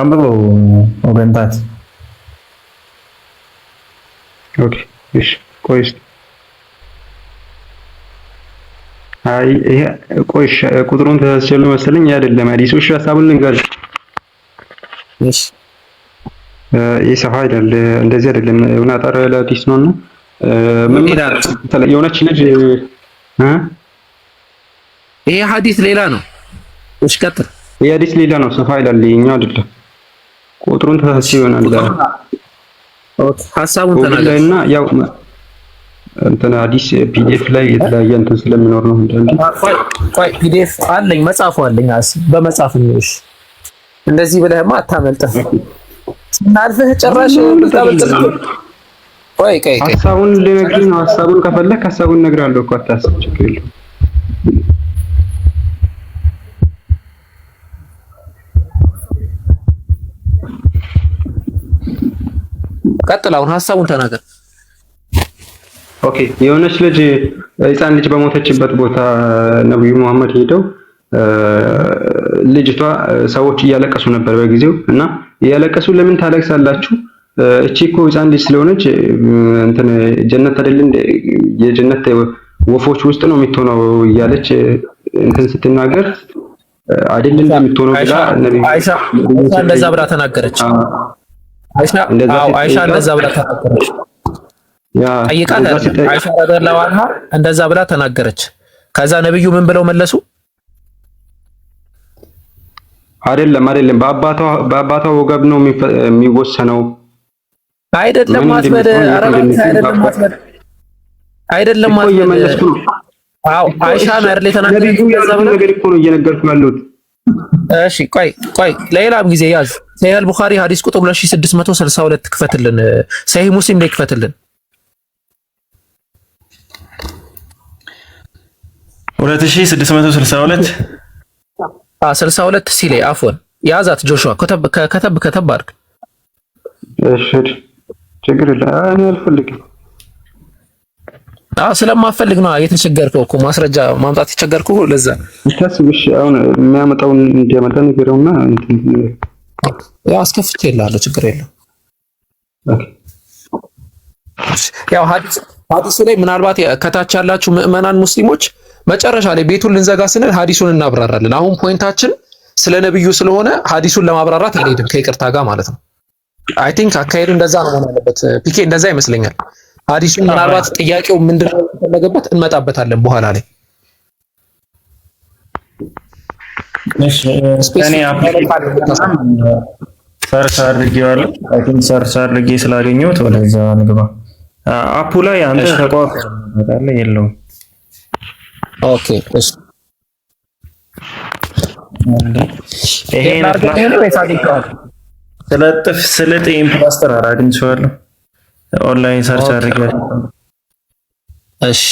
አምሮ ወገንታት ኦኬ ቁጥሩን ተሳስቻለሁ መሰለኝ አይደለም አዲሱ እሺ ሀሳቡን ልንገር እሺ ይህ ሰፋ አይደል እንደዚህ አይደለም የሆነ አጠር ያለ አዲስ ነውና ምን የሆነች ልጅ ይሄ ሀዲስ ሌላ ነው እሺ ቀጥል ይሄ ሀዲስ ሌላ ነው ሰፋ ይላል ይኸኛው አይደለም ቁጥሩን ተሳስቼ ይሆናል። ጋር ኦኬ ሐሳቡን ተናገር እና ያው እንትን አዲስ ፒዲኤፍ ላይ የተለያየ እንትን ስለሚኖር ነው። እንዴ ቆይ ቆይ ፒዲኤፍ አለኝ መጽሐፉ አለኝ። አስ በመጽሐፍ ነውሽ እንደዚህ ብለህማ አታመልጥም። ስናልፍህ ጭራሽ ልታመልጥ ቆይ ቆይ ሐሳቡን ልነግርህ ነው። ሐሳቡን ከፈለክ ሐሳቡን እነግርሃለሁ እኮ አታስብ፣ ችግር የለውም ቀጥል፣ አሁን ሀሳቡን ተናገር። ኦኬ የሆነች ልጅ ህፃን ልጅ በሞተችበት ቦታ ነብዩ መሐመድ ሄደው ልጅቷ ሰዎች እያለቀሱ ነበር በጊዜው እና እያለቀሱ ለምን ታለቅሳላችሁ? እቺ እኮ ህፃን ልጅ ስለሆነች እንትን ጀነት አይደል እንደ የጀነት ወፎች ውስጥ ነው የምትሆነው እያለች እንትን ስትናገር አይደል እንደምትሆነው ብላ ነብዩ አይሻ እንደዛ ብላ ተናገረች። አይሻ እንደዛ ብላ ተናገረች። ጠይቃት አይሻ ረዲየላሁ ዐንሃ እንደዛ ብላ ተናገረች። ከዛ ነብዩ ምን ብለው መለሱ? አይደለም አይደለም፣ በአባቷ ወገብ ነው የሚወሰነው። አይደለም አትበል፣ አይደለም አትበል። አይሻ ነው አይደል የተናገረችው? ነገር እኮ ነው እየነገርኩህ ያለሁት እሺ ቆይ ቆይ ለሌላም ጊዜ ያዝ። ሰሂህ አልቡኻሪ ሐዲስ ቁጥር 2662 ክፈትልን። ሰሂህ ሙስሊም ላይ ክፈትልን 2662 አ 62 ሲሌ አፎን ያዛት ጆሹዋ ከተብ ከተብ ከተብ አድርግ። እሺ ችግር የለም እኔ አልፈልግም ስለማፈልግ ነው የተቸገርከው እኮ ማስረጃ ማምጣት የቸገርከው ለዛ ይታስብሽ። አሁን የሚያመጣውን እንዲያመጣ ንገረውና ያው አስከፍቼ እልሃለሁ። ችግር የለም። ያው ሀዲሱ ላይ ምናልባት ከታች ያላችሁ ምዕመናን ሙስሊሞች መጨረሻ ላይ ቤቱን ልንዘጋ ስንል ሀዲሱን እናብራራለን። አሁን ፖይንታችን ስለ ነብዩ ስለሆነ ሀዲሱን ለማብራራት አልሄድም፣ ከይቅርታ ጋር ማለት ነው። አይ ቲንክ አካሄዱ እንደዛ ነው መሆን ያለበት ፒኬ እንደዛ ይመስለኛል። አዲሱ ምናልባት ጥያቄው ምንድነው የተፈለገበት እንመጣበታለን በኋላ ላይ። ሰርች አድርጌዋለሁ። አይ ቲንክ ሰርች አድርጌ ስላገኘሁት ወደዛ ምግባ አፑ ላይ አንተ ተቋፍ ያለ የለውም። ኦኬ እሺ ይሄን ስለጥፍ ስልጥ ኢምፕላስተር አራግኝቼዋለሁ ኦንላይን ሰርች አድርገህ። እሺ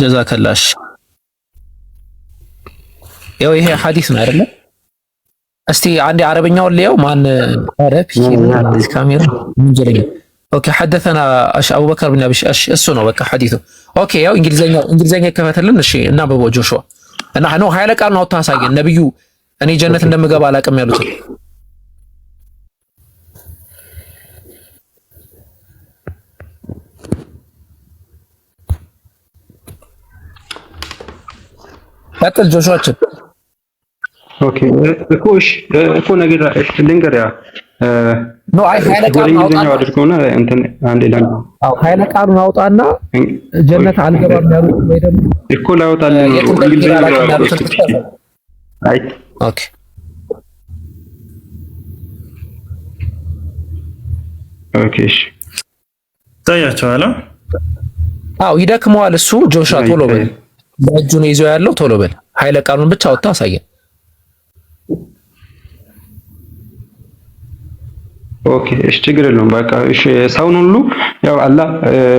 ጀዛከላሽ። ያው ይሄ ሐዲስ ነው አይደለ? እስቲ አንዴ አረብኛውን ሊያው። ማን አረብ ይሄ ካሜራ ምን ጀለኝ ኦኬ ሐደተና አሽ አቡበከር ብን አብሽ አሽ እሱ ነው በቃ ሐዲሱ። ኦኬ ያው እንግሊዘኛ እንግሊዘኛ ይከፈተልን። እሺ እና በቦጆ ሾ እና ነው ኃይለ ቃል ነው አውጥተህ አሳየን። ነብዩ እኔ ጀነት እንደምገባ አላቅም ያሉት ቀጥል ጆሾችን ኦኬ እኮ እሺ እኮ ነገር ያ ኖ አይ ኃይለ ቃሉን አውጣና አድርገውና እንትን አንዴ ይላል። አው ኃይለ ቃሉን አውጣና ጀነት አልገባም ያሉት ወይ ደግሞ እኮ ላውጣልህ ነው እንግሊዝኛ ነው። አይ ኦኬ ኦኬ እሺ ታያችኋል። አዎ ይደክመዋል እሱ ጆሻ ቶሎ በል በእጁ ነው ይዞ ያለው። ቶሎ በል ኃይለ ቃሉን ብቻ አውጣ አሳየን። ኦኬ እሺ፣ ችግር የለውም። በቃ እሺ፣ ሰውን ሁሉ ያው አላህ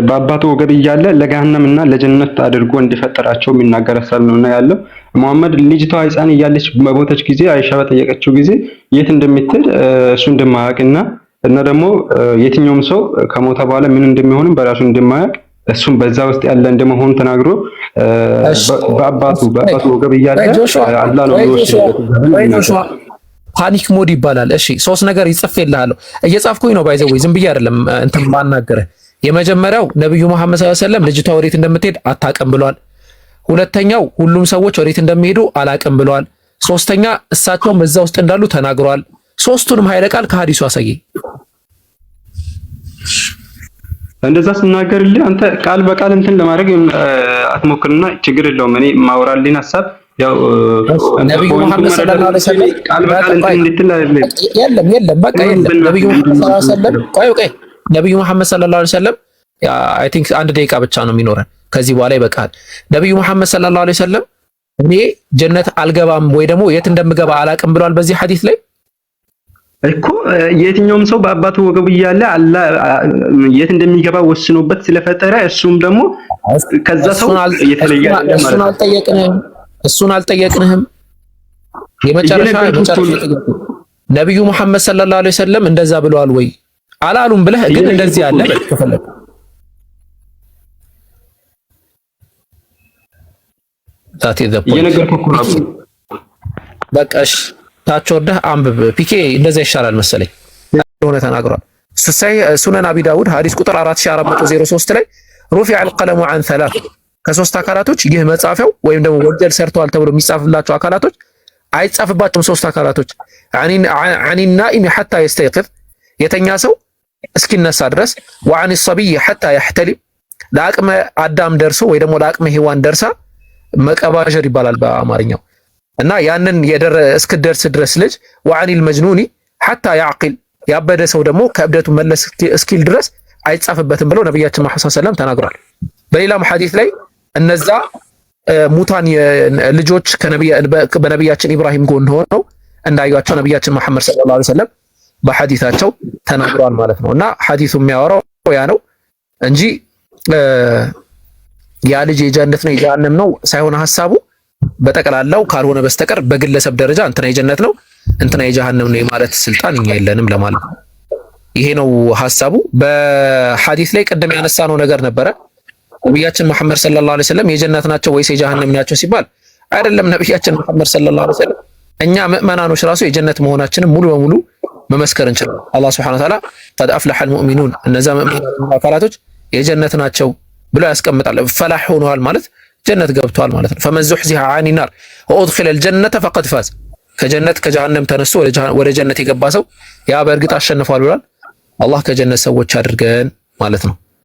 በአባቱ ወገብ እያለ ለገሃነም እና ለጀነት አድርጎ እንዲፈጠራቸው የሚናገር ሀሳብ ነው እና ያለው መሐመድ ልጅቷ ሕፃን እያለች በሞተች ጊዜ አይሻ በጠየቀችው ጊዜ የት እንደምትሄድ እሱ እንደማያውቅና እና ደግሞ የትኛውም ሰው ከሞተ በኋላ ምን እንደሚሆንም በራሱ እንደማያውቅ እሱም በዛ ውስጥ ያለ እንደመሆኑ ተናግሮ በአባቱ በአባቱ ወገብ እያለ አላ ነው ፓኒክ ሞድ ይባላል። እሺ ሶስት ነገር ይጽፍልሃለሁ። እየጻፍኩኝ ነው ባይዘው ዝም ብዬ አይደለም እንትን ማናገረ። የመጀመሪያው ነብዩ መሐመድ ሰለላሁ ዐለይሂ ወሰለም ልጅቷ ወዴት እንደምትሄድ አታውቅም ብሏል። ሁለተኛው ሁሉም ሰዎች ወዴት እንደሚሄዱ አላውቅም ብለዋል። ሶስተኛ እሳቸውም እዛ ውስጥ እንዳሉ ተናግረዋል። ሶስቱንም ኃይለ ቃል ከሐዲሱ አሳየኝ። እንደዛ ስናገርልህ አንተ ቃል በቃል እንትን ለማድረግ አትሞክርና ችግር የለውም። እኔ ማውራልኝ ሀሳብ ያው ነብዩ መሐመድ ሰለላሁ ዐለይሂ ወሰለም ቃል በቃል እንትን እንድትል አይደለም። የለም የለም፣ በቃ የለም። ነብዩ መሐመድ ሰለላሁ ዐለይሂ ወሰለም ቆይ ቆይ፣ ነብዩ መሐመድ ሰለላሁ ዐለይሂ ወሰለም አይ ቲንክ አንድ ደቂቃ ብቻ ነው የሚኖረን፣ ከዚህ በኋላ ይበቃል። ነብዩ መሐመድ ሰለላሁ ዐለይሂ ወሰለም እኔ ጀነት አልገባም ወይ ደግሞ የት እንደምገባ አላቅም ብሏል በዚህ ሐዲስ ላይ እኮ የትኛውም ሰው በአባቱ ወገቡ እያለ አላ የት እንደሚገባ ወስኖበት ስለፈጠረ እሱም ደግሞ ከዛ ሰው የተለየ እሱን አልጠየቅንህም። የመጨረሻ ነቢዩ መሐመድ ሰለላሁ ዐለይሂ ወሰለም እንደዛ ብለዋል ወይ አላሉም ብለህ ግን እንደዚህ አለ ከፈለግ ዛቴ በቃ በቃሽ ታች ወርደህ አንብብ። ፒኬ እንደዛ ይሻላል መሰለኝ ሆነ ተናግሯል። ስሳይ ሱነን አቢ ዳውድ ሐዲስ ቁጥር 4403 ላይ ሩፊ አልቀለሙ አን ሰላት ከሶስት አካላቶች ይህ መጻፊያው ወይም ደግሞ ወንጀል ሰርተዋል ተብሎ የሚጻፍላቸው አካላቶች አይጻፍባቸውም። ሶስት አካላቶች አኒ ናኢሚ ሐታ የስተይቅፍ የተኛ ሰው እስኪነሳ ድረስ ወአኒ ሰቢይ ሐታ ያሕተሊም ለአቅመ አዳም ደርሶ ወይ ደግሞ ለአቅመ ሔዋን ደርሳ መቀባዠር ይባላል በአማርኛው እና ያንን እስክደርስ ድረስ ልጅ ወአኒል መጅኑኒ ሐታ ያዕቂል ያበደ ሰው ደግሞ ከእብደቱ መለስ እስኪል ድረስ አይጻፍበትም ብለው ነቢያችን መሐመድ ሰለም ተናግሯል። በሌላም ሐዲስ ላይ እነዛ ሙታን ልጆች በነቢያችን ኢብራሂም ጎን ሆነው እንዳዩቸው ነቢያችን መሐመድ ሰለላሁ ዐለይሂ ወሰለም በሐዲታቸው ተናግሯል ማለት ነው። እና ሐዲሱ የሚያወራው ያ ነው እንጂ ያ ልጅ የጀነት ነው የጀሃነም ነው ሳይሆን ሐሳቡ በጠቅላላው ካልሆነ በስተቀር በግለሰብ ደረጃ እንትና የጀነት ነው እንትና የጀሃነም ነው የማለት ስልጣን እኛ የለንም ለማለት ነው። ይሄ ነው ሀሳቡ። በሐዲስ ላይ ቅድም ያነሳነው ነገር ነበረ። ነቢያችን መሐመድ ሰለላሁ ዐለይሂ ወሰለም የጀነት ናቸው ወይስ የጀሃነም ናቸው ሲባል አይደለም ነቢያችን መሐመድ ሰለላሁ ዐለይሂ ወሰለም እኛ ምእመናኖች ራሱ የጀነት መሆናችንን ሙሉ በሙሉ መመስከር እንችላለን። አላህ ሱብሓነሁ ወተዓላ ቀድ አፍለሐል አልሙእሚኑን እነዛ ምዕመናን አካላቶች የጀነት ናቸው ብሎ ያስቀምጣል። ፈላህ ሆነዋል ማለት ጀነት ገብቷል ማለት ነው። ፈመን ዙሕዚሃ አኒ ናር ወኡድኺለ ልጀነተ ፈቀድ ፋዝ። ከጀነት ከጀሃነም ተነስቶ ወደ ጀነት የገባ ሰው ያ በእርግጥ አሸንፏል ብሏል። አላህ ከጀነት ሰዎች አድርገን ማለት ነው።